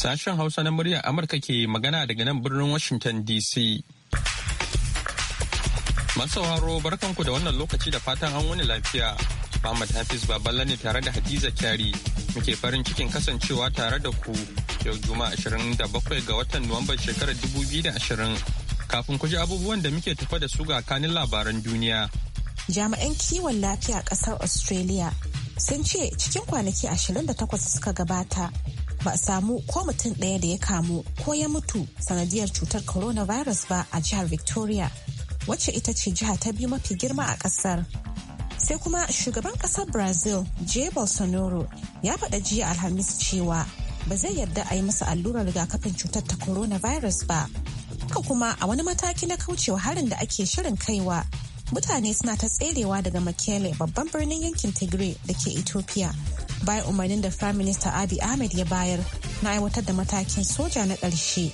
Sashen Hausa na muryar Amurka ke magana daga nan birnin Washington DC. Masauraro barkanku da wannan lokaci da fatan an wani lafiya. Ahmad Hafiz Baballa ne tare da Hadiza Kyari muke farin cikin kasancewa tare da ku yau Juma'a 27 ga watan Nuwamban shekarar 2020 kafin ku ji abubuwan da muke tafa da su ga kanin labaran duniya. Jami'an kiwon lafiya ƙasar Australia sun ce cikin kwanaki 28 suka gabata ba a samu ko mutum ɗaya da ya kamu ko ya mutu sanadiyar cutar coronavirus ba a jihar Victoria wacce ita ce jiha ta biyu mafi girma a ƙasar. sai kuma shugaban kasar brazil j bolsonaro ya faɗa jiya alhamis cewa ba zai yarda a yi masa allurar rigakafin cutar ta coronavirus ba haka kuma a wani mataki na kaucewa harin da ake shirin kaiwa mutane suna ta tserewa daga makele babban birnin yankin tigray da ke ethiopia bayan umarnin da prime minister abiy ahmed ya bayar na aiwatar da matakin soja na ƙarshe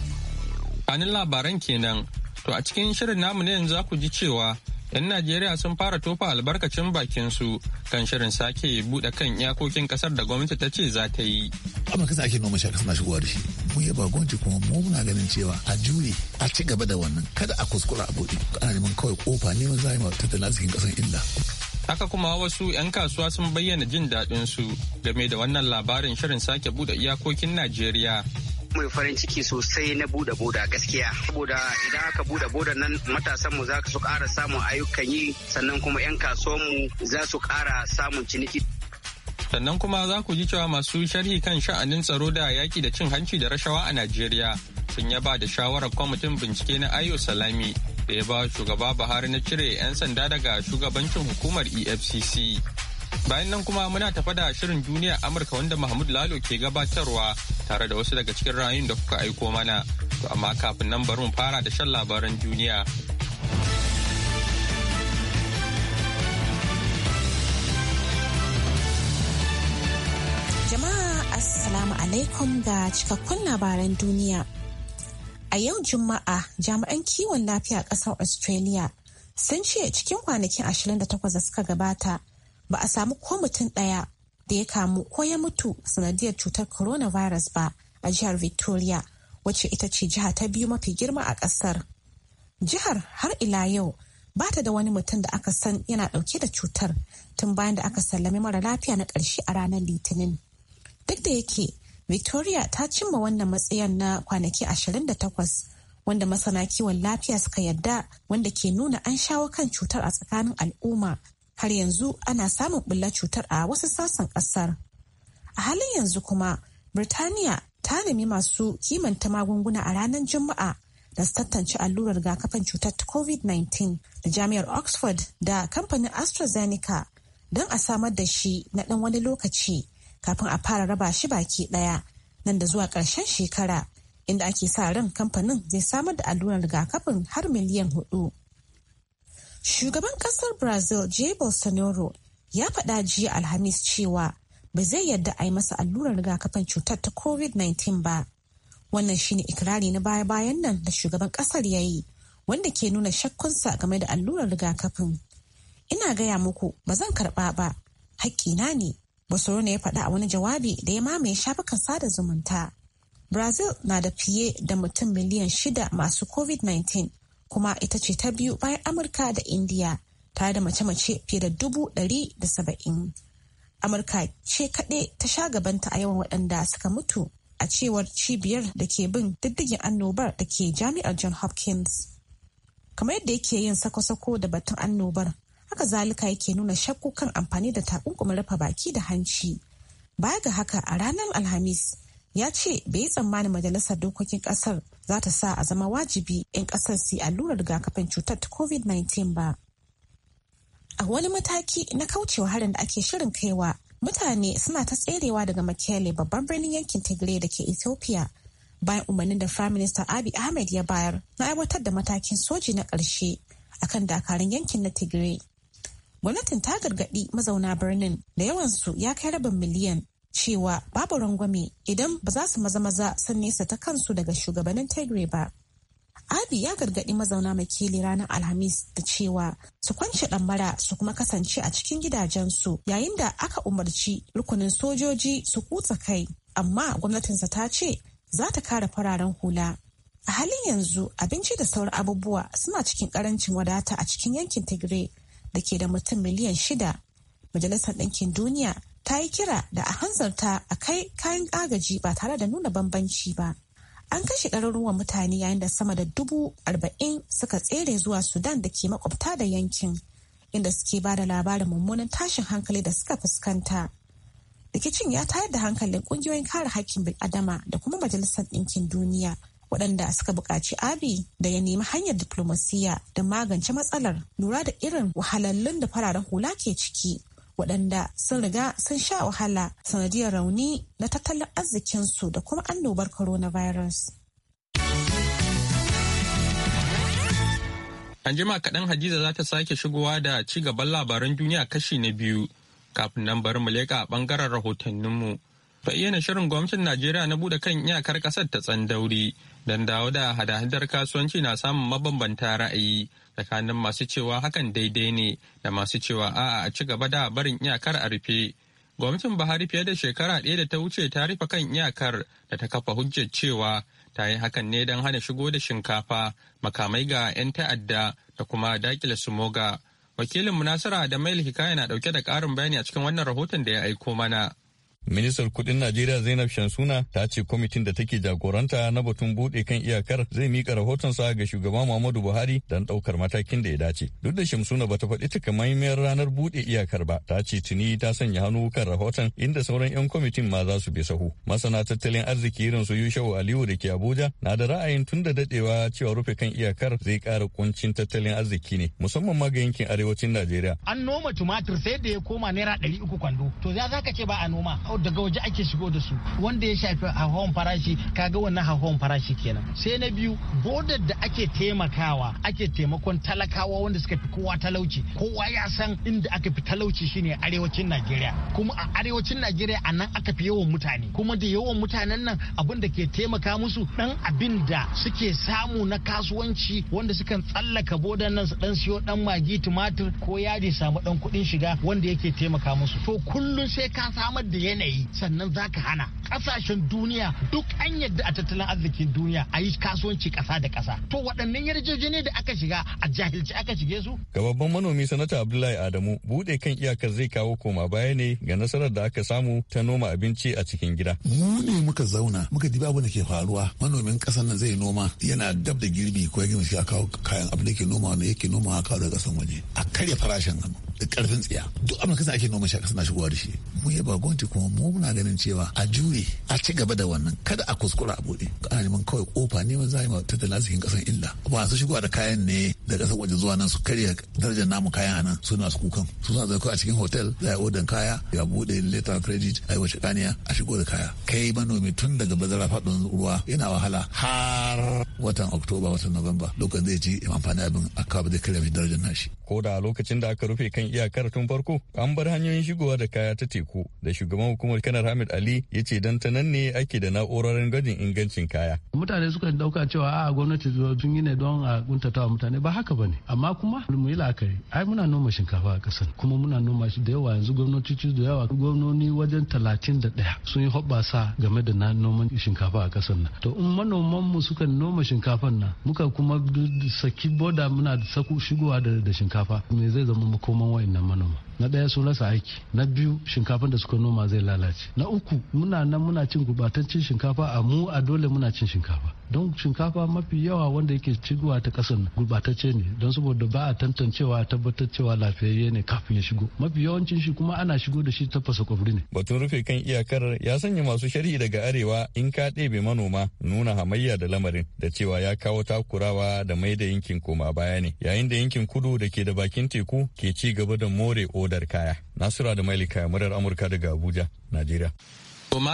kanin labaran kenan to a cikin shirin namu ne yanzu ku ji cewa 'Yan Najeriya sun fara tofa albarkacin bakin su kan shirin sake bude kan iyakokin kasar da gwamnati ta ce za ta yi. Amma kasa ake noma shaka suna shigowa da shi. Mu ba gwamnati kuma mu muna ganin cewa a jure a ci gaba da wannan kada a kuskura a bude ana neman kawai kofa neman za a yi ma tattalin arzikin kasar illa. Haka kuma wasu 'yan kasuwa sun bayyana jin daɗin su game da wannan labarin shirin sake bude iyakokin Najeriya mai farin ciki sosai na buɗe boda gaskiya saboda idan aka buɗe boda nan matasan mu za su ƙara samun ayyukan yi sannan kuma 'yan kasuwan mu za su ƙara samun ciniki sannan kuma za ku ji cewa masu sharhi kan sha'anin tsaro da yaƙi da cin hanci da rashawa a najeriya sun yaba da shawarar kwamitin bincike na ayo salami da ya ba shugaba buhari na cire 'yan sanda daga shugabancin hukumar efcc Bayan nan kuma muna tafa da shirin duniya Amurka wanda Mahmud Lalo ke gabatarwa tare da wasu daga cikin rayun da kuka aiko mana. To amma kafin nan bari mu fara da shan labaran duniya. Jama'a Assalamu alaikum ga cikakkun labaran duniya. A yau Juma'a jami'an kiwon lafiya ƙasar Australia sun ce cikin kwanakin 28 da suka gabata ba a samu ko mutum ɗaya da ya kamu ko ya mutu sanadiyar cutar coronavirus ba a jihar victoria wacce ita ce jiha ta biyu mafi girma a ƙasar jihar har ila yau ba ta da wani mutum da aka san yana ɗauke da cutar tun bayan da aka sallami mara lafiya na ƙarshe a ranar litinin duk da yake victoria ta cimma wannan matsayin na kwanaki 28 wanda masana kiwon lafiya suka yadda wanda ke nuna an shawo kan cutar a tsakanin al'umma har yanzu ana samun bulla cutar a wasu sassan ƙasar a halin yanzu kuma birtaniya ta nemi masu kimanta magunguna a ranar juma'a da su tantance allurar rigakafin cutar covid-19 da jami'ar oxford da kamfanin astrazeneca don a samar da shi na ɗan wani lokaci kafin a fara raba shi baki ɗaya nan da zuwa ƙarshen shekara inda ake sa ran kamfanin zai samar da allurar rigakafin har miliyan hudu. Shugaban kasar Brazil Jair Bolsonaro ya faɗa jiya Alhamis cewa ba zai yarda a yi masa allurar rigakafin cutar ta COVID-19 ba. Wannan shine ikirari na baya-bayan nan da shugaban kasar ya yi wanda ke nuna shakkunsa game da allurar rigakafin. Ina gaya muku ba zan karɓa ba, haƙƙina ne. Bolsonaro ya faɗa a wani jawabi da ya mamaye shafukan sada zumunta. Brazil na da fiye da mutum miliyan shida masu COVID-19 kuma ita ce ta biyu bayan amurka da indiya tare da mace-mace fiye da dubu ɗari da saba'in amurka ce kaɗai ta sha gabanta a yawan waɗanda suka mutu a cewar cibiyar da ke bin diddigin annobar da ke jami'ar john hopkins kamar yadda yake yin sako-sako da batun annobar haka zalika yake nuna shakku kan amfani da takunkumin rufe baki da hanci baya ga haka a ranar alhamis ya ce bai yi tsammanin majalisar dokokin kasar za ta sa a zama wajibi 'yan ƙasar su allurar rigakafin cutar ta covid-19 ba. A wani mataki na kaucewa harin da ake shirin kaiwa, mutane suna ta tserewa daga Makele babban birnin yankin Tigray da ke Ethiopia bayan umarnin da Prime Minister Abiy Ahmed ya bayar na aiwatar da matakin soji na ƙarshe kan dakarun yankin na Tigray. Gwamnatin ta gargaɗi mazauna birnin da yawansu ya kai rabin miliyan cewa babu rangwame idan ba za su maza-maza sun nesa ta kansu daga shugabannin Tigray ba. Abi ya gargaɗi mazauna makili ranar Alhamis da cewa su kwance ɗambara su kuma kasance a cikin gidajensu yayin da aka umarci rukunin sojoji su kutsa kai, amma gwamnatinsa ta ce za ta kare fararen hula. A halin yanzu abinci da sauran abubuwa suna cikin ƙarancin wadata a cikin yankin Tigray da ke da mutum miliyan shida. Majalisar Ɗinkin Duniya ta yi kira da a hanzarta a kai kayan agaji ba tare da nuna bambanci ba. An kashe ɗaruruwan mutane yayin da sama da dubu arba'in suka tsere zuwa Sudan da ke makwabta da yankin, inda suke ba da labarin mummunan tashin hankali da suka fuskanta. Rikicin ya tayar da hankalin ƙungiyoyin kare hakkin bil'adama da kuma Majalisar Ɗinkin Duniya, waɗanda suka buƙaci abi da ya nemi hanyar diflomasiyya da magance matsalar lura da irin wahalallun da fararen hula ke ciki waɗanda sun riga sun sha wahala sanadiyar rauni na tattalin arzikinsu da kuma annobar coronavirus. An jima kaɗan Hadiza za ta sake shigowa da ci gaban labaran duniya kashi na biyu kafin nan bari mu leƙa a ɓangaren rahotanninmu. Bayyana shirin gwamnatin Najeriya na buɗe kan iyakar ƙasar ta tsandauri don dawo da hada-hadar kasuwanci na samun mabambanta ra'ayi tsakanin masu cewa hakan daidai ne da masu cewa a'a a ci gaba da barin iyakar a rufe gwamnatin buhari fiye da shekara ɗaya da ta wuce ta rufe kan iyakar da ta kafa hujjar cewa ta yi hakan ne don hana shigo da shinkafa makamai ga 'yan ta'adda da kuma dakile sumoga wakilin munasara da mail hikaya na ɗauke da ƙarin bayani a cikin wannan rahoton da ya aiko mana Ministar kudin Najeriya Zainab Shansuna ta ce kwamitin da take jagoranta na batun bude kan iyakar zai mika sa ga shugaban Muhammadu Buhari don daukar matakin da ya dace. Duk da Shamsuna bata faɗi takamaimiyar ranar bude iyakar ba, ta ce tuni ta sanya hannu kan rahoton inda sauran 'yan kwamitin ma za su bi sahu. Masana tattalin arziki irin su Yushau Aliyu da ke Abuja na da ra'ayin tun da dadewa cewa rufe kan iyakar zai kara kuncin tattalin arziki ne musamman ma ga yankin arewacin Najeriya. An noma tumatir sai da ya koma naira ɗari uku kwando to za ka ce ba a noma. daga waje ake shigo da su wanda ya shafi hauhawan farashi kaga wannan hauhawan farashi kenan sai na biyu bodar da ake taimakawa ake taimakon talakawa wanda suka fi kowa talauci kowa ya san inda aka fi talauci shine arewacin najeriya kuma a arewacin najeriya a nan aka fi yawan mutane kuma da yawan mutanen nan abin da ke taimaka musu dan abin da suke samu na kasuwanci wanda sukan tsallaka bodar nan su dan siyo dan magi tumatir ko yaji samu dan kuɗin shiga wanda yake taimaka musu to kullum sai ka samar da yanayi yanayi sannan za ka hana kasashen duniya duk an yadda a tattalin arzikin duniya a yi kasuwanci kasa da kasa to waɗannan yarjejeniyar da aka shiga a jahilci aka shige su gababban manomi sanata abdullahi adamu buɗe kan iyakar zai kawo koma baya ne ga nasarar da aka samu ta noma abinci a cikin gida mu ne muka zauna muka diba abin da ke faruwa manomin ƙasar nan zai noma yana dab da girbi ko ya gina shi a kawo kayan abin da ke noma wanda yake noma a kawo daga ƙasan waje a karya farashin da karfin tsiya duk abin da ake noma shi a ƙasa na shigowa da shi mu yaba gwamnati kuma mu muna ganin cewa a jure a ci gaba da wannan kada a kuskura a buɗe ana neman kawai kofa ne wanda zai ma tattalin arzikin kasan illa su shigowa da kayan ne da kasar waje zuwa nan su karya darajar namu kayan a nan suna su kukan su suna zai a cikin hotel za a odan kaya ya buɗe letter credit a yi wace kaniya a shigo da kaya kai manomi tun daga bazara faɗin ruwa yana wahala har watan oktoba watan novemba lokacin zai ci amfani abin a da zai karya darajar nashi. ko da lokacin da aka rufe kan iyakar tun farko an bar hanyoyin shigowa da kaya ta teku da shugaban hukumar kanar hamid ali ya ce idan ta nan ne ake da na'urorin gwajin ingancin kaya. Mutane suka dauka cewa a gwamnati sun yi ne don a wa mutane ba haka bane amma kuma mu yi la'akari ai muna noma shinkafa a kasar kuma muna noma shi da yawa yanzu gwamnatoci da yawa gwamnoni wajen talatin da ɗaya sun yi hoɓɓasa game da na noman shinkafa a kasar nan to in manoman mu suka noma shinkafan nan muka kuma saki boda muna saku shigowa da shinkafa me zai zama makoman wayannan manoma. na ɗaya sun rasa aiki na biyu shinkafan da suka noma zai lalace na uku muna nan muna cin gubatancin shinkafa a mu a dole muna cin shinkafa don shinkafa mafi yawa wanda yake cigowa ta kasan gurbatacce ne don saboda ba a tantancewa a tabbatar cewa lafiyayye ne kafin ya shigo mafi yawancin shi kuma ana shigo da shi ta fasa kwabri ne batun rufe kan iyakar ya sanya masu shari'i daga arewa in ka ɗebe manoma nuna hamayya da lamarin da cewa ya kawo takurawa da mai da yankin koma baya ne yayin da yankin kudu da ke da bakin teku ke ci gaba da more odar kaya nasura da mailika murar amurka daga abuja najeriya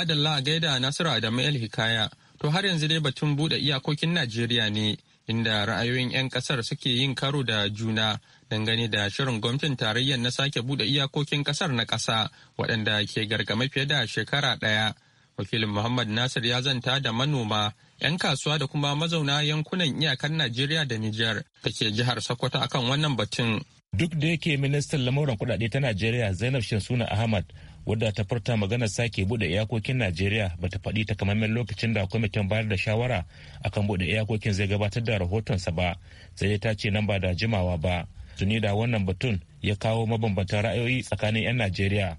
da la gaida nasura da mail hikaya To har yanzu dai batun buɗe iyakokin Najeriya ne inda ra'ayoyin 'yan kasar suke yin karo da juna dangane da shirin gwamnatin tarayyar na sake buɗe iyakokin ƙasar na ƙasa waɗanda ke gargama fiye da shekara ɗaya. Wakilin Muhammad Nasir ya zanta da manoma 'yan kasuwa da kuma mazauna yankunan iyakar Najeriya da Nijar da ke jihar Sokoto akan wannan batun. Duk da yake ministan lamuran kudade ta Najeriya Zainab Shinsuna Ahmad wadda ta furta magana sake bude iyakokin najeriya bata faɗi takamaiman lokacin da kwamitin bayar da shawara akan bude iyakokin zai gabatar da rahotonsa ba sai ta ce nan ba da jimawa ba tuni da wannan batun ya kawo mabambantan ra'ayoyi tsakanin 'yan najeriya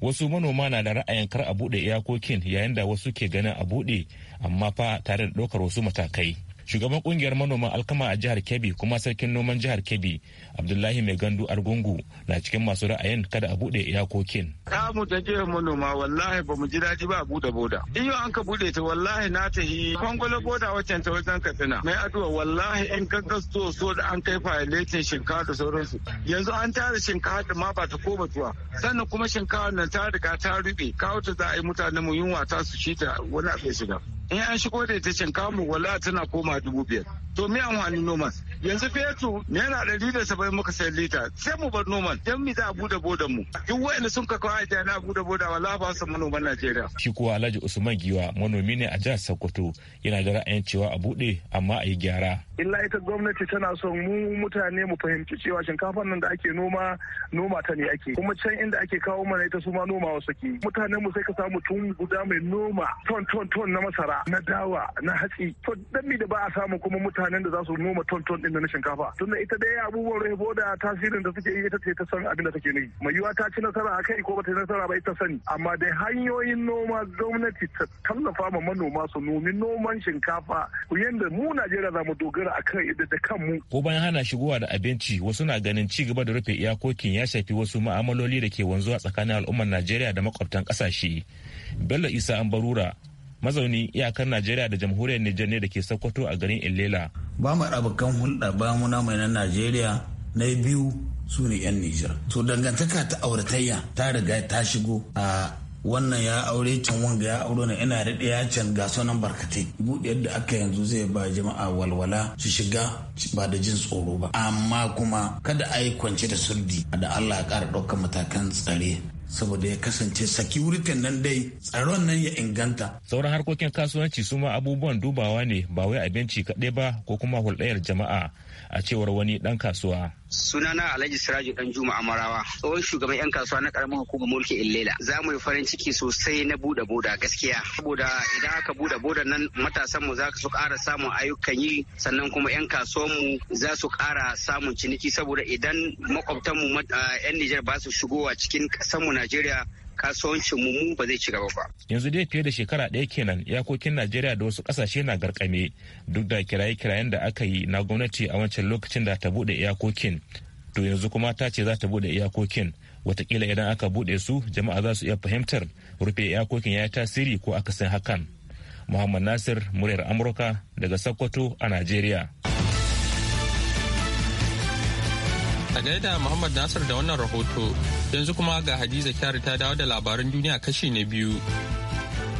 wasu manoma na da ra'ayin kar a bude iyakokin yayin da wasu ke ganin a bude amma fa tare da ɗaukar wasu matakai shugaban kungiyar manoman alkama a jihar kebbi kuma sarkin noman jihar kebbi abdullahi mai gandu argungu na cikin masu ra'ayin kada a bude iyakokin mu ta jihar manoma wallahi ba mu ji daji ba a bude boda iyo an ka bude ta wallahi na ta yi kwangwalo boda waccan ta wajen katsina mai aduwa wallahi in ka gasto so da an kai fayiletin shinkafa da sauransu yanzu an tara shinkafa da ma ba ta ko batuwa sannan kuma shinkafa nan ta riga ta rube kawo ta za a yi mutanen mu yunwa ta su shi ta wani abu shiga in an shigo da ita shinkafa wala tana koma dubu biyar to me an wani nomas yanzu fetur naira ɗari da saba'in muka sayar lita sai mu bar noman don mi za a bude bodan mu duk wa'anda sun ka a ajiya na bude boda wala ba su manoman najeriya. shi kuwa alhaji usman giwa manomi ne a jihar sokoto yana da ra'ayin cewa a bude amma a yi gyara. illa ita gwamnati tana son mu mutane mu fahimci cewa shinkafar nan da ake noma noma ta ne ake kuma can inda ake kawo mana ita su ma noma wasu ke mutanen mu sai ka samu tun guda mai noma ton ton ton na masara na dawa na hatsi to dan da ba a samu kuma mutanen da za su noma ton ton ɗin na shinkafa tunda ita dai abubuwan rufe da tasirin da suke yi ita ce ta san abin da take nufi mai yiwa ta ci nasara a kai ko ba nasara ba ita sani amma dai hanyoyin noma gwamnati ta tallafa ma manoma su nomi noman shinkafa ku yadda mu Najeriya za mu dogara a kan da kanmu. Ko bayan hana shigowa da abinci wasu na ganin ci gaba da rufe iyakokin ya shafi wasu ma'amaloli da ke wanzuwa tsakanin al'ummar Najeriya da makwabtan ƙasashe. Bello Isa Ambarura mazauni iyakar najeriya da jamhuriyar nijar ne da ke sokoto a garin illela ba mu abokan hulɗa ba mu na mai na najeriya na biyu su ne 'yan nijar to dangantaka ta auratayya ta riga ta shigo a wannan ya aure can wanga ya aure na ina da ɗaya can ga sunan barkatai buɗe da aka yanzu zai ba jama'a walwala su shiga ba da jin tsoro ba amma kuma kada a yi kwance da surdi da allah ya ƙara ɗaukar matakan tsare saboda ya kasance security nan dai tsaron nan ya inganta. Sauran harkokin kasuwanci su ma abubuwan dubawa ne ba wai abinci kaɗai ba ko kuma hulɗayar jama'a a cewar wani ɗan kasuwa. sunana alhaji siraju dan juma Marawa tsohon shugaban yan kasuwa na karamin hukumar mulki illela za mu yi farin ciki sosai na buɗe boda gaskiya saboda idan aka buɗe boda nan matasan mu za su ƙara samun ayyukan yi sannan kuma yan kasuwan mu za su ƙara samun ciniki saboda idan makwabtan mu yan Nijar ba su shigowa cikin ƙasar mu Najeriya kasuwancin mu ba zai ci gaba ba. Yanzu dai fiye da shekara ɗaya kenan iyakokin Najeriya da wasu ƙasashe na garkame duk da kiraye-kirayen da aka yi na gwamnati a wancan lokacin da ta buɗe iyakokin. To yanzu kuma ta ce za ta buɗe iyakokin. Watakila idan aka buɗe su jama'a za su iya fahimtar rufe iyakokin ya yi tasiri ko akasin hakan. Muhammad Nasir, muryar Amurka daga Sokoto a Najeriya. A gaida Muhammad Nasir da wannan rahoto yanzu kuma ga Hadiza Kyari ta dawo da labaran duniya kashi na biyu.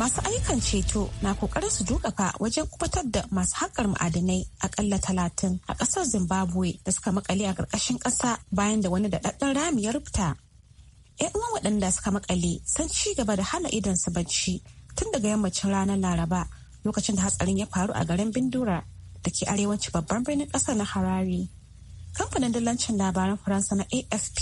Masu ayyukan ceto na kokarin su fa wajen kubutar da masu haƙar ma'adanai akalla talatin a ƙasar Zimbabwe da suka makale a ƙarƙashin ƙasa bayan da wani daɗaɗɗen rami ya rubuta. 'Yan uwan waɗanda suka makale sun ci gaba da hana idon su bacci tun daga yammacin ranar Laraba lokacin da hatsarin ya faru a garin Bindura da ke arewacin babban birnin ƙasa na Harare. kamfanin dillancin labaran faransa na afp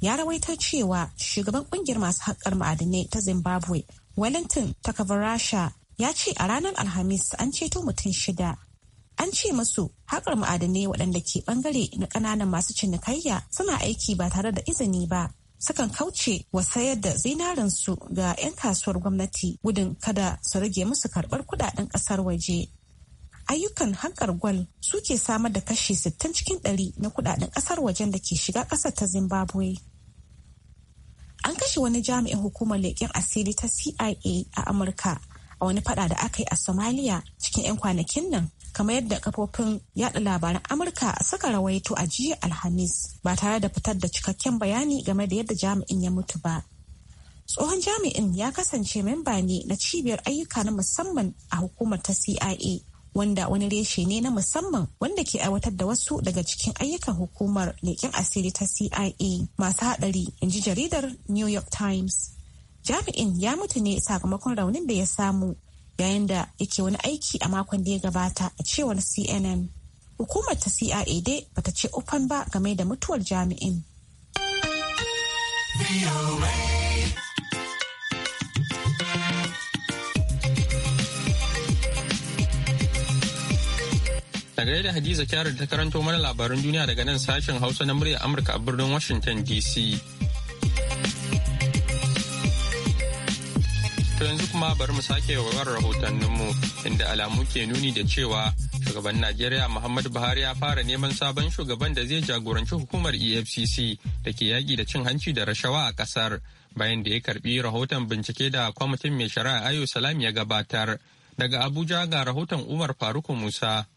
ya rawaitar cewa shugaban kungiyar masu haƙar ma'adinai ta zimbabwe wellington takavarasha ya ce a ranar alhamis an ceto mutum shida an ce musu haƙar ma'adinai waɗanda ke ɓangare na ƙananan masu cinikayya suna aiki ba tare da izini ba sukan kauce wa sayar da zinarinsu ga 'yan kasuwar gwamnati gudun kada su rage musu karɓar kuɗaɗen ƙasar waje ayyukan hankar gwal suke samar da kashi 60 cikin 100 na kudaden kasar wajen da ke shiga kasar ta zimbabwe an kashe wani jami'in hukumar leƙen asiri ta cia a amurka a wani fada da aka yi a somalia cikin 'yan kwanakin nan kamar yadda kafofin yada labaran amurka suka rawaito a jiya alhamis ba tare da fitar da cikakken bayani game da yadda jami'in ya mutu ba tsohon jami'in ya kasance memba ne na cibiyar ayyuka na musamman a hukumar ta cia wanda wani reshe ne na musamman wanda ke aiwatar da wasu daga cikin ayyukan hukumar leƙen asiri ta CIA masu haɗari in ji jaridar New York Times. Jami'in ya mutu ne sakamakon raunin da ya samu yayin da yake wani aiki a makon da ya gabata a cewar CNN. Hukumar ta CIA dai bata ce ufan ba game da mutuwar jami'in. A da Hadiza Kyari ta karanto mana labaran duniya daga nan sashen Hausa na murya Amurka a birnin Washington DC. To yanzu kuma bari mu sake wa rahotanninmu inda alamu ke nuni da cewa shugaban Najeriya Muhammadu Buhari ya fara neman sabon shugaban da zai jagoranci hukumar EFCC da ke yaƙi da cin hanci da rashawa a ƙasar bayan da ya karbi rahoton bincike da kwamitin mai shari'a Ayo Salam ya gabatar. Daga Abuja ga rahoton Umar Faruku Musa.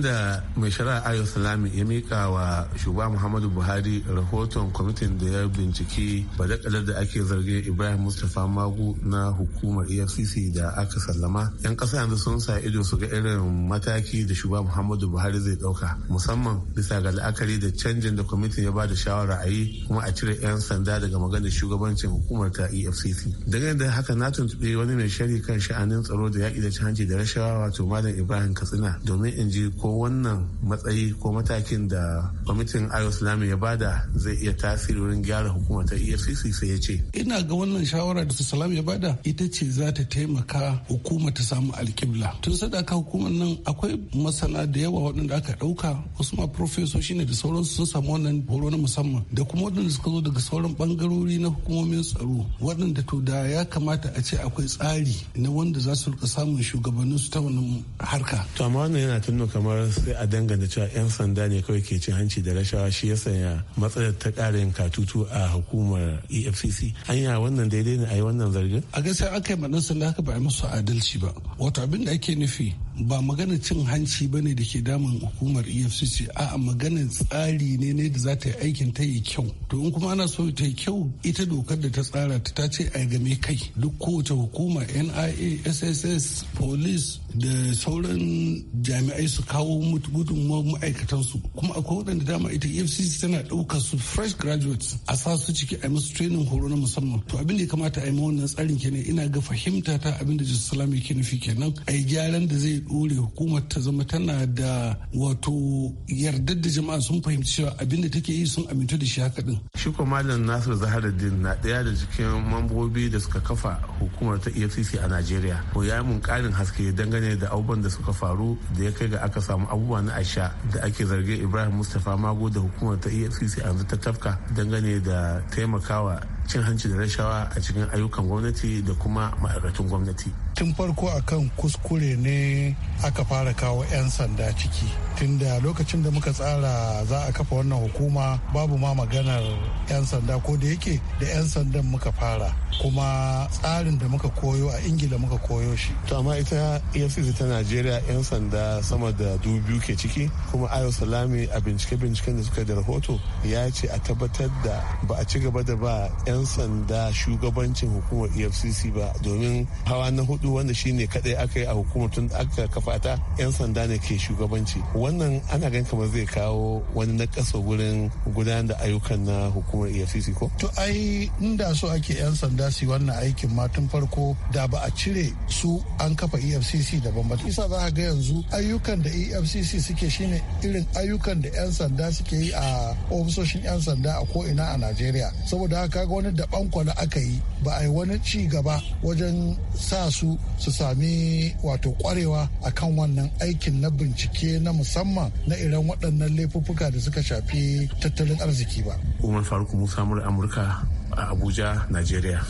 da mai shari'a ayo salami ya mika wa shugaba muhammadu buhari rahoton kwamitin da ya binciki badakalar da ake zargin ibrahim mustapha magu na hukumar efcc da aka sallama yan ƙasa yanzu sun sa ido su ga irin mataki da shugaba muhammadu buhari zai ɗauka musamman bisa ga la'akari da canjin da kwamitin ya ba da shawara a yi kuma a cire yan sanda daga maganar shugabancin hukumar ta efcc Daga da haka na tuntuɓe wani mai shari kan sha'anin tsaro da yaƙi da canji da rashawa wato malam ibrahim katsina domin in ji ko wannan matsayi ko matakin da kwamitin ayoslami ya bada zai iya tasiri wurin gyara hukumar ta efcc sai ya ce ina ga wannan shawara da salam ya bada ita ce za ta taimaka hukuma ta samu alkibla tun sadaka hukumar nan akwai masana da yawa waɗanda aka ɗauka wasu ma profesoshi ne da sauransu sun samu wannan horo na musamman da kuma waɗanda suka zo daga sauran bangarori na hukumomin tsaro waɗanda to da ya kamata a ce akwai tsari na wanda za su rika samun shugabanninsu ta wannan harka. to amma wannan yana tunuka kamar sai a danganta cewa 'yan sanda ne kawai ke cin hanci da rashawa shi ya sanya matsalar ta ƙara yin katutu a hukumar efcc hanya wannan daidai ne a yi wannan zargin a gaskiya aka yi maɗansa haka ba a musu adalci ba wato abin da ake nufi ba maganar cin hanci ba ne da ke damun hukumar efcc a magana tsari ne ne da za ta yi aikin ta yi kyau to in kuma ana so ta yi kyau ita dokar da ta tsara ta ta ce a game kai duk kowace hukuma nia sss police da sauran jami'ai su kawo ma'aikatan ma'aikatansu kuma akwai waɗanda dama ita efcc tana ɗaukar su fresh graduates a sa su ciki a musu training horo na musamman to abin da ya kamata a yi wannan tsarin kenan ina ga fahimta ta abin da jisu salami ke nufi kenan a yi gyaran da zai ɗore hukumar ta zama tana da wato yardar da jama'a sun fahimci cewa abin da take yi sun amintu da shi haka din shi ko malam nasir zaharuddin na ɗaya da cikin mambobi da suka kafa hukumar ta efcc a najeriya ko ya mun karin haske dangane da abubuwan da suka faru da ya kai ga aka samu abubuwa na aisha da ake zargin ibrahim mustapha mago da hukumar ta efcc yanzu ta tafka dangane da taimakawa cin hanci da rashawa a cikin ayyukan gwamnati da kuma ma'aikatun gwamnati. Tun farko akan kuskure ne aka fara kawo 'yan sanda ciki tunda lokacin da muka tsara za a kafa wannan hukuma babu ma maganar 'yan sanda ko da yake da 'yan sandan muka fara kuma tsarin da muka koyo a ingila muka koyo shi to amma ita efcc ta najeriya 'yan sanda sama da dubu ke ciki kuma ayo salami a bincike binciken da suka da rahoto ya ce a tabbatar da ba a ci gaba da ba 'yan sanda shugabancin hukumar efcc ba domin hawa na hudu wanda shine kadai aka yi a hukumar tun aka kafa ta 'yan sanda ne ke shugabanci wannan ana gan kamar zai kawo wani na nakaso gurin gudanar da ayyukan na hukumar efcc ko to ai inda so ake yan sanda su wannan aikin ma tun farko da ba a cire su an kafa efcc daban bambanci isa za ga yanzu ayyukan da efcc suke shine irin ayyukan da yan sanda suke yi a ofisoshin yan sanda a ko ina a najeriya saboda haka ga wani daban kwana aka yi ba a yi wani ci gaba wajen sa su su sami wato kwarewa a kan wannan aikin na bincike na musamman na irin waɗannan laifuffuka da suka shafi tattalin arziki ba. Umar Faruk Musa Amurka a Abuja, Najeriya.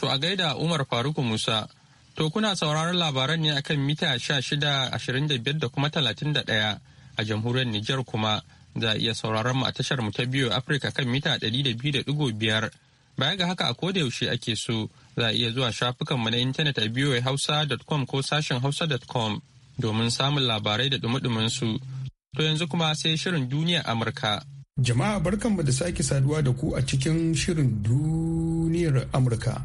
To a gaida Umar Faruk Musa To kuna sauraron labaran ne akan mita 1625 da kuma 31 a jamhuriyar Nijar kuma za a iya sauraron mu a tashar mu ta biyu Afirka kan mita 200.5 Baya ga haka a koda yaushe ake so za a iya zuwa shafukanmu na intanet a voahausa.com ko sashen hausa.com domin samun labarai da dumi su. To yanzu kuma sai shirin duniya Amurka. Jama'a barkanmu da sake saduwa da ku a cikin shirin duniyar Amurka.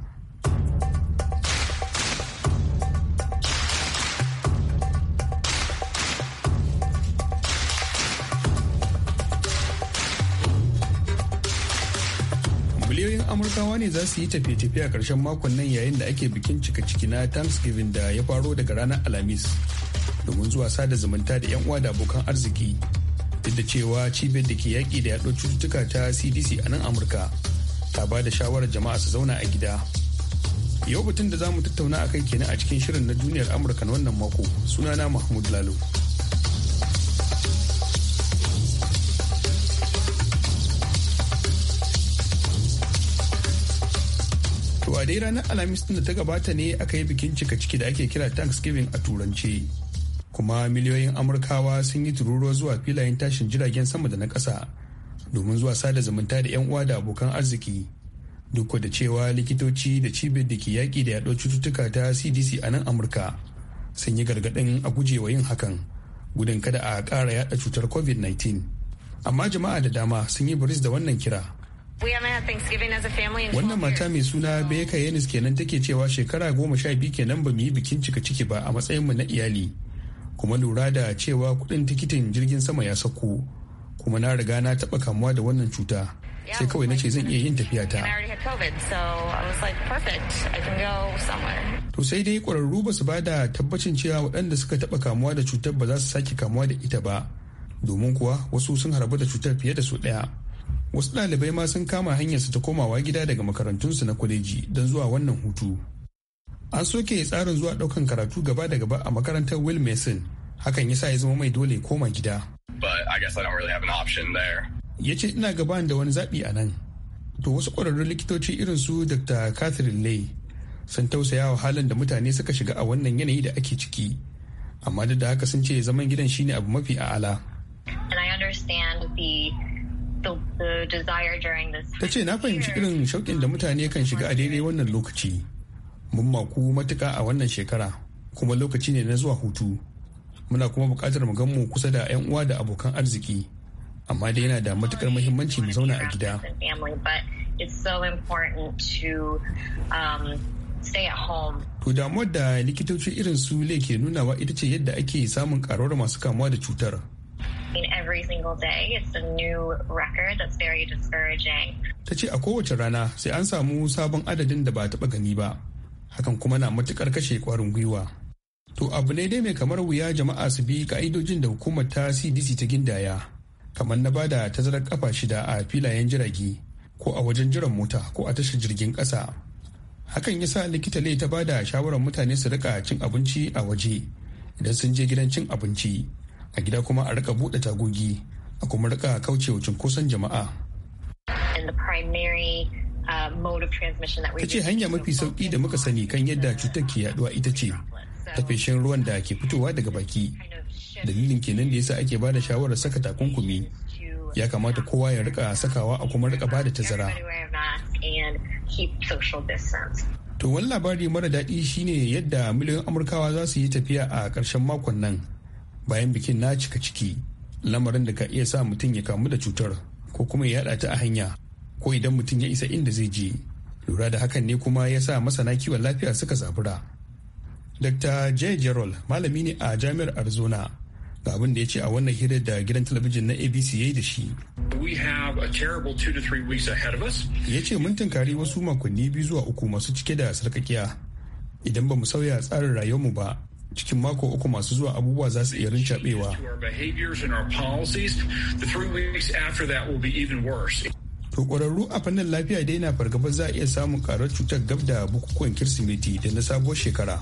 miliyoyin amurkawa ne za su yi tafiye-tafiye a ƙarshen makon nan yayin da ake bikin cika ciki na thanksgiving da ya faro daga ranar alhamis domin zuwa sada zumunta da yan uwa da abokan arziki duk da cewa cibiyar da ke yaƙi da yaɗo cututtuka ta cdc a nan amurka ta ba da shawarar jama'a su zauna a gida yau batun da za mu tattauna a kai kenan a cikin shirin na duniyar amurka na wannan mako sunana mahmud lalo a dai ranar alhamis da ta gabata ne aka yi bikin cika ciki da ake kira thanksgiving a turance kuma miliyoyin amurkawa sun yi tururuwa zuwa filayen tashin jiragen sama da na ƙasa domin zuwa sada zumunta da 'yan uwa da abokan arziki duk da cewa likitoci da cibiyar da ke yaƙi da yaɗo cututtuka ta cdc a nan amurka sun yi gargaɗin a gujewa yin hakan gudun kada a ƙara yaɗa cutar covid-19 amma jama'a da dama sun yi biris da wannan kira Wannan mata mai suna Becca Yanis kenan take cewa shekara goma sha biyu kenan ba mu yi bikin cika ciki ba a matsayinmu na iyali. Kuma lura da cewa kudin tikitin jirgin sama ya sauko. Kuma na riga na taba kamuwa da wannan cuta. Sai kawai na ce zan iya yin tafiya ta. To sai dai ƙwararru ba su ba tabbacin cewa waɗanda suka taɓa kamuwa da cutar ba za su sake kamuwa da ita ba. Domin kuwa wasu sun harbu da cutar fiye da su ɗaya. wasu ɗalibai ma sun kama hanyarsu ta komawa gida daga makarantunsu na kwaleji don zuwa wannan hutu an soke tsarin zuwa ɗaukan karatu gaba da gaba a makarantar will mason hakan sa ya zama mai dole koma gida ya ce ina gaban da wani zaɓi a nan to wasu ƙwararrun likitoci irin su dr catherine lay sun tausaya wa halin da mutane suka shiga a wannan yanayi da ake ciki amma duk da haka sun ce zaman gidan shine abu mafi a'ala and i understand the Ta ce na fahimci irin shauƙin da mutane kan shiga a daidai wannan lokaci. Mun maku matuka a wannan shekara kuma lokaci ne na zuwa hutu. Muna kuma buƙatar mu mu kusa da 'yan uwa da abokan arziki. Amma dai yana da matukar muhimmanci mu zauna a gida. Um, to damuwar da likitoci irin su ke nunawa ita ce yadda ake samun karuwar masu kamuwa da cutar. mean, every single day. It's a new record that's very discouraging. Ta ce a kowace rana sai an samu sabon adadin da ba taɓa gani ba. Hakan kuma na matuƙar kashe ƙwarin gwiwa. To abu ne dai mai kamar wuya jama'a su bi ka'idojin da hukumar ta CDC ta gindaya. Kamar na bada tazarar kafa shida a filayen jirage ko a wajen jiran mota ko a tashar jirgin ƙasa. Hakan ya sa likita ta bada shawarar mutane su rika cin abinci a waje idan sun je gidan cin abinci. a gida kuma a rika buɗe tagogi a kuma rika kaucewa cunkoson jama'a uh, ta ce hanya mafi sauki da muka sani kan yadda cutar ke yaduwa ita ce ta ruwan da ke fitowa daga baki dalilin kenan da yasa ake bada shawarar saka takunkumi ya kamata kowa ya rika sakawa a kuma rika bada tazara to wani labari mara daɗi shine yadda miliyoyin amurkawa za su yi tafiya a ƙarshen makon nan bayan bikin na cika ciki lamarin da ka iya sa mutum ya kamu da cutar ko kuma ya yada ta a hanya ko idan mutum ya isa inda zai je lura da hakan ne kuma ya sa masana kiwon lafiya suka zabura dr jay gerald malami ne a jami'ar arizona ga abin da ya ce a wannan hira da gidan talabijin na abc ya yi da shi ya ce mun tunkari wasu makonni biyu zuwa uku masu cike da sarkakiya idan ba mu sauya tsarin rayuwar mu ba cikin mako uku masu zuwa abubuwa za su iya rincaɓewa. To ƙwararru a fannin lafiya dai na fargaba za a iya samun ƙarar cutar gab da bukukuwan Kirsimeti da na sabuwar shekara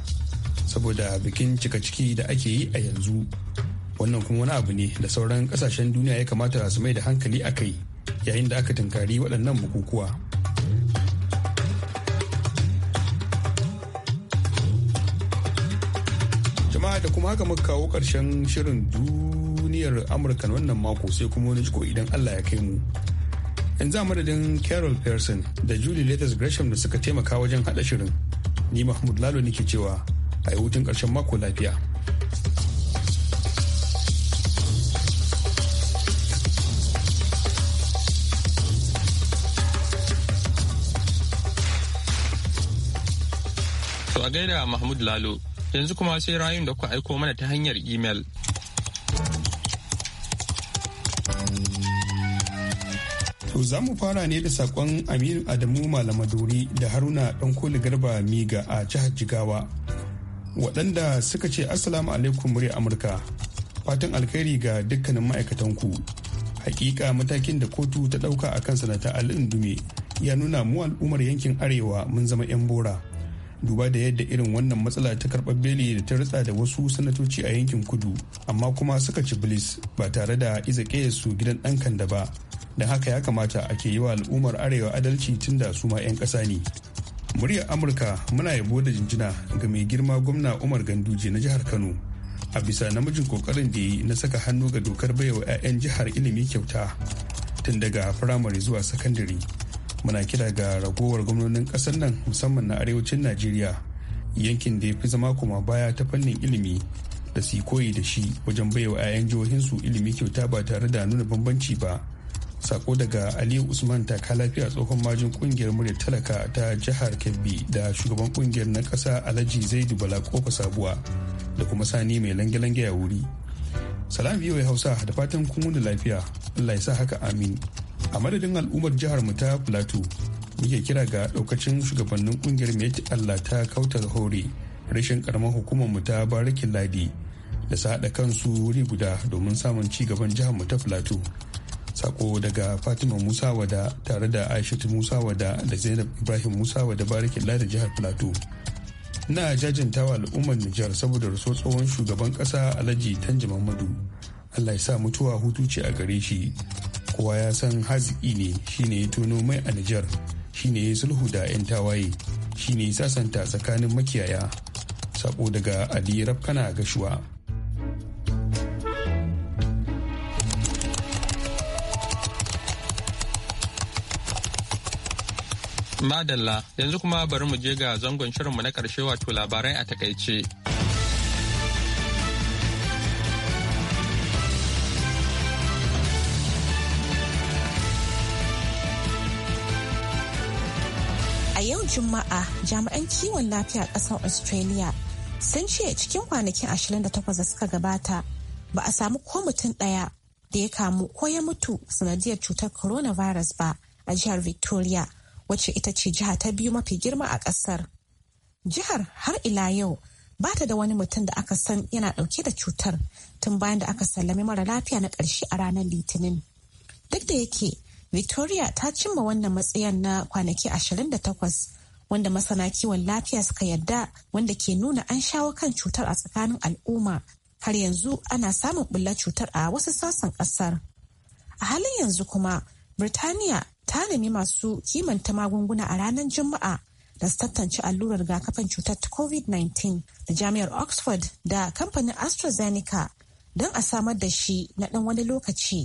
saboda bikin cika ciki da ake yi a yanzu. Wannan kuma wani abu ne da sauran ƙasashen duniya ya kamata su mai da hankali a kai yayin da aka tunkari waɗannan bukukuwa. jama'a da kuma haka muka kawo ƙarshen shirin duniyar amurka na wannan mako sai kuma wani jiko idan allah ya kai mu yanzu a madadin carol pearson da julie letters gresham da suka taimaka wajen haɗa shirin ni mahmud lalo nake cewa a yi hutun ƙarshen mako lafiya To a gaida Mahmud Lalo yanzu kuma sai rayun da ku aiko mana ta hanyar imel. To za mu fara ne da sakon Aminu Adamu Malamadori da Haruna koli Garba Miga a jihar Jigawa. Waɗanda suka ce Assalamu alaikum murya Amurka. Fatan alkhairi ga dukkanin ma'aikatanku. Hakika matakin da kotu ta ɗauka a kan sanata Ali ya nuna mu al'ummar yankin Arewa mun zama 'yan bora. duba da yadda irin wannan matsala ta karɓar beli da ta ritsa da wasu sanatoci a yankin kudu amma kuma suka ci bilis ba tare da iza su gidan ɗan kanda ba don haka ya kamata ake yi wa al'ummar arewa adalci tun da su ma 'yan ƙasa ne muryar amurka muna yabo da jinjina ga mai girma gwamna umar ganduje na jihar kano a bisa namijin kokarin da yi na saka hannu ga dokar baiwa 'ya'yan jihar ilimi kyauta tun daga firamare zuwa sakandare muna kira ga ragowar gwamnonin kasar nan musamman na arewacin najeriya yankin da ya fi zama kuma baya ta fannin ilimi da su koyi da shi wajen baiwa 'ya'yan jihohinsu ilimi kyauta ba tare da nuna bambanci ba sako daga aliyu usman taka lafiya tsohon majin kungiyar murya talaka ta jihar kebbi da shugaban kungiyar na kasa alhaji zaidu bala kofa sabuwa da kuma sani mai lange-lange ya wuri salam biyu hausa da fatan kun lafiya allah ya sa haka amin a madadin al'ummar jihar mu ta plateau muke kira ga daukacin shugabannin kungiyar mai allah ta kautar hore rashin karamar hukumar mu ta barikin ladi da su haɗa kansu wuri guda domin samun ci gaban jihar mu ta plateau sako daga fatima musa wada tare da aishatu musa wada da zainab ibrahim musa wada barikin ladi jihar plateau na jajintawa al'ummar nijar saboda raso tsohon shugaban kasa alhaji tanji mamadu allah ya sa mutuwa hutu ce a gare shi kowa ya san haziki ne shine ya tono mai a Nijar shi ne ya sulhu da 'yan tawaye shine ya sasanta tsakanin makiyaya sabo daga Ali Rafkana Gashuwa. Madalla yanzu kuma bari mu je ga zangon shirinmu na karshe wato labarai a takaice. Juma'a jami'an kiwon lafiya ƙasar Australia sun ce cikin kwanakin 28 da suka gabata ba a samu ko mutum ɗaya da ya kamu ko ya mutu sanadiyar cutar coronavirus ba a jihar Victoria wacce ita ce jiha ta biyu mafi girma a ƙasar. Jihar har ila yau ba ta da wani mutum da aka san yana ɗauke da cutar tun bayan da aka sallami mara lafiya na ƙarshe a ranar Litinin. Duk da yake Victoria ta cimma wannan matsayin na kwanaki 28 wanda masana kiwon lafiya suka yarda wanda ke nuna an shawo kan cutar a tsakanin al'umma har yanzu ana samun bullar cutar a wasu sassan kasar. A halin yanzu kuma, Birtaniya ta nemi masu kimanta magunguna a ranar Juma'a da su tantance allurar rigakafin cutar COVID-19 da Jami'ar Oxford da kamfanin AstraZeneca don a samar da shi na ɗan wani lokaci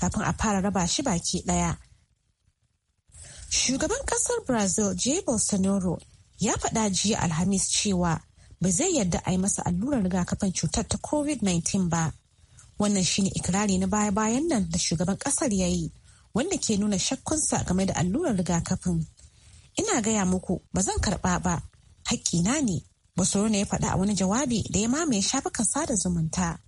kafin a fara raba shi baki ɗaya Shugaban kasar Brazil Jair Bolsonaro ya faɗa jiya Alhamis cewa ba zai yarda a yi masa allurar rigakafin cutar ta COVID-19 ba. Wannan shine ikirari na baya-bayan nan da shugaban kasar ya yi wanda ke nuna shakkunsa game da allurar rigakafin. Ina gaya muku ba zan karɓa ba, hakkina ne, Bolsonaro ya faɗa a wani jawabi da ya mamaye shafukan sada zumunta.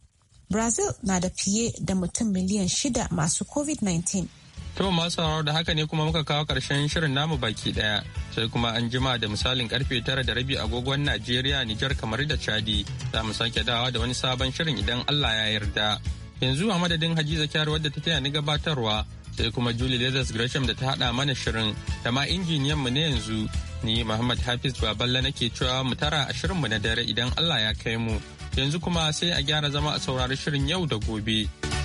Brazil na da fiye da mutum miliyan shida masu COVID-19 To masu sauraro da haka ne kuma muka kawo karshen shirin namu baki daya sai kuma an jima da misalin karfe tara da rabi agogon Najeriya Nijar kamar da Chadi za mu sake dawa da wani sabon shirin idan Allah ya yarda. Yanzu a madadin Hajiza Kyar wadda ta taya ni gabatarwa sai kuma Julie Lazarus Gresham da ta hada mana shirin da ma injiniyan mu ne yanzu ni Muhammad Hafiz Baballa nake cewa mu tara a shirin mu na dare idan Allah ya kai mu. Yanzu kuma sai a gyara zama a saurari shirin yau da gobe.